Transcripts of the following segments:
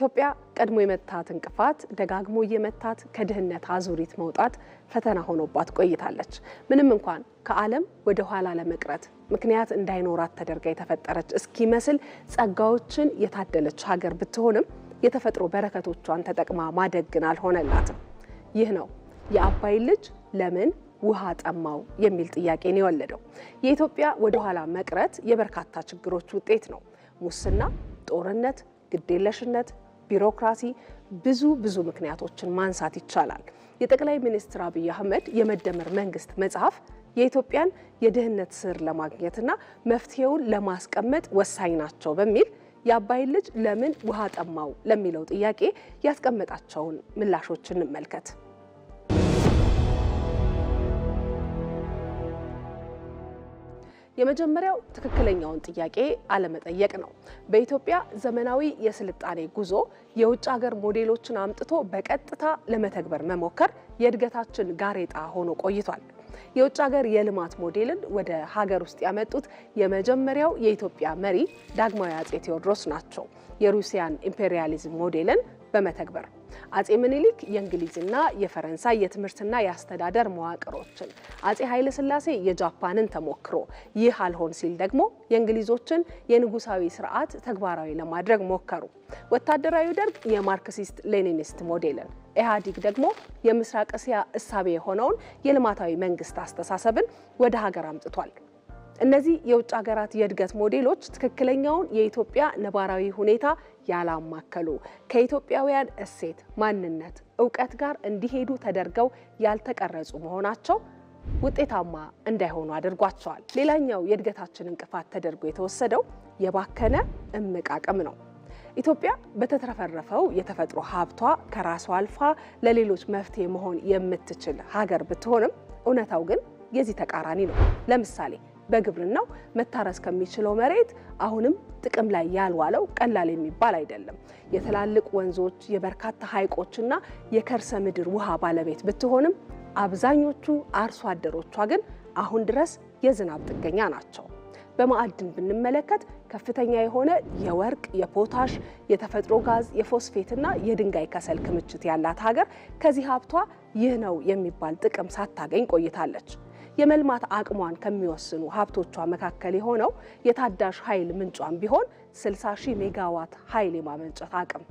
ኢትዮጵያ ቀድሞ የመታት እንቅፋት ደጋግሞ የመታት ከድህነት አዙሪት መውጣት ፈተና ሆኖባት ቆይታለች። ምንም እንኳን ከዓለም ወደ ኋላ ለመቅረት ምክንያት እንዳይኖራት ተደርጋ የተፈጠረች እስኪመስል ጸጋዎችን የታደለች ሀገር ብትሆንም የተፈጥሮ በረከቶቿን ተጠቅማ ማደግ ግን አልሆነላትም። ይህ ነው የአባይ ልጅ ለምን ውሃ ጠማው የሚል ጥያቄን የወለደው። የኢትዮጵያ ወደኋላ መቅረት የበርካታ ችግሮች ውጤት ነው። ሙስና፣ ጦርነት፣ ግዴለሽነት ቢሮክራሲ፣ ብዙ ብዙ ምክንያቶችን ማንሳት ይቻላል። የጠቅላይ ሚኒስትር አብይ አህመድ የመደመር መንግስት መጽሐፍ የኢትዮጵያን የድህነት ስር ለማግኘትና መፍትሄውን ለማስቀመጥ ወሳኝ ናቸው በሚል የአባይ ልጅ ለምን ውሃ ጠማው ለሚለው ጥያቄ ያስቀመጣቸውን ምላሾች እንመልከት። የመጀመሪያው ትክክለኛውን ጥያቄ አለመጠየቅ ነው። በኢትዮጵያ ዘመናዊ የስልጣኔ ጉዞ የውጭ ሀገር ሞዴሎችን አምጥቶ በቀጥታ ለመተግበር መሞከር የእድገታችን ጋሬጣ ሆኖ ቆይቷል። የውጭ ሀገር የልማት ሞዴልን ወደ ሀገር ውስጥ ያመጡት የመጀመሪያው የኢትዮጵያ መሪ ዳግማዊ አጼ ቴዎድሮስ ናቸው። የሩሲያን ኢምፔሪያሊዝም ሞዴልን በመተግበር አጼ ምኒልክ የእንግሊዝና የፈረንሳይ የትምህርትና የአስተዳደር መዋቅሮችን፣ አጼ ኃይለ ስላሴ የጃፓንን ተሞክሮ፣ ይህ አልሆን ሲል ደግሞ የእንግሊዞችን የንጉሳዊ ስርዓት ተግባራዊ ለማድረግ ሞከሩ። ወታደራዊ ደርግ የማርክሲስት ሌኒኒስት ሞዴልን፣ ኢህአዴግ ደግሞ የምስራቅ እስያ እሳቤ የሆነውን የልማታዊ መንግስት አስተሳሰብን ወደ ሀገር አምጥቷል። እነዚህ የውጭ ሀገራት የእድገት ሞዴሎች ትክክለኛውን የኢትዮጵያ ነባራዊ ሁኔታ ያላማከሉ ከኢትዮጵያውያን እሴት፣ ማንነት፣ እውቀት ጋር እንዲሄዱ ተደርገው ያልተቀረጹ መሆናቸው ውጤታማ እንዳይሆኑ አድርጓቸዋል። ሌላኛው የእድገታችን እንቅፋት ተደርጎ የተወሰደው የባከነ እምቅ አቅም ነው። ኢትዮጵያ በተትረፈረፈው የተፈጥሮ ሀብቷ ከራሷ አልፋ ለሌሎች መፍትሄ መሆን የምትችል ሀገር ብትሆንም እውነታው ግን የዚህ ተቃራኒ ነው። ለምሳሌ በግብርናው መታረስ ከሚችለው መሬት አሁንም ጥቅም ላይ ያልዋለው ቀላል የሚባል አይደለም። የትላልቅ ወንዞች የበርካታ ሐይቆችና የከርሰ ምድር ውሃ ባለቤት ብትሆንም አብዛኞቹ አርሶ አደሮቿ ግን አሁን ድረስ የዝናብ ጥገኛ ናቸው። በማዕድን ብንመለከት ከፍተኛ የሆነ የወርቅ፣ የፖታሽ፣ የተፈጥሮ ጋዝ፣ የፎስፌትና የድንጋይ ከሰል ክምችት ያላት ሀገር ከዚህ ሀብቷ ይህ ነው የሚባል ጥቅም ሳታገኝ ቆይታለች። የመልማት አቅሟን ከሚወስኑ ሀብቶቿ መካከል የሆነው የታዳሽ ኃይል ምንጯን ቢሆን 60 ሺህ ሜጋዋት ኃይል የማመንጨት አቅም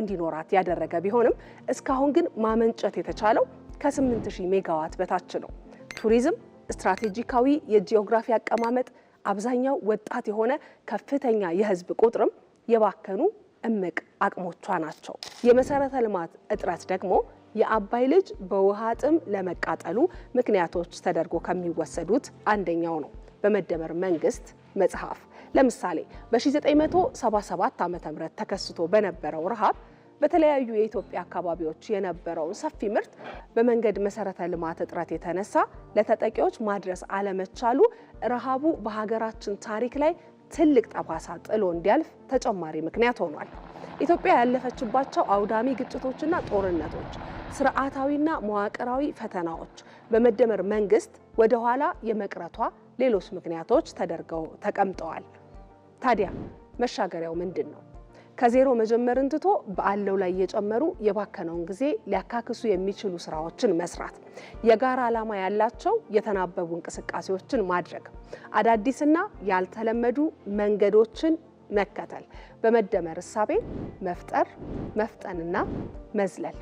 እንዲኖራት ያደረገ ቢሆንም እስካሁን ግን ማመንጨት የተቻለው ከ8 ሜጋዋት በታች ነው። ቱሪዝም ስትራቴጂካዊ የጂኦግራፊ አቀማመጥ፣ አብዛኛው ወጣት የሆነ ከፍተኛ የህዝብ ቁጥርም የባከኑ እምቅ አቅሞቿ ናቸው። የመሰረተ ልማት እጥረት ደግሞ የአባይ ልጅ በውሃ ጥም ለመቃጠሉ ምክንያቶች ተደርጎ ከሚወሰዱት አንደኛው ነው። በመደመር መንግስት መጽሐፍ ለምሳሌ በ1977 ዓ ም ተከስቶ በነበረው ረሃብ በተለያዩ የኢትዮጵያ አካባቢዎች የነበረውን ሰፊ ምርት በመንገድ መሰረተ ልማት እጥረት የተነሳ ለተጠቂዎች ማድረስ አለመቻሉ ረሃቡ በሀገራችን ታሪክ ላይ ትልቅ ጠባሳ ጥሎ እንዲያልፍ ተጨማሪ ምክንያት ሆኗል። ኢትዮጵያ ያለፈችባቸው አውዳሚ ግጭቶችና ጦርነቶች፣ ስርዓታዊና መዋቅራዊ ፈተናዎች በመደመር መንግስት ወደኋላ የመቅረቷ ሌሎች ምክንያቶች ተደርገው ተቀምጠዋል። ታዲያ መሻገሪያው ምንድን ነው? ከዜሮ መጀመርን ትቶ በአለው ላይ እየጨመሩ የባከነውን ጊዜ ሊያካክሱ የሚችሉ ስራዎችን መስራት፣ የጋራ ዓላማ ያላቸው የተናበቡ እንቅስቃሴዎችን ማድረግ፣ አዳዲስና ያልተለመዱ መንገዶችን መከተል፣ በመደመር እሳቤ መፍጠር፣ መፍጠንና መዝለል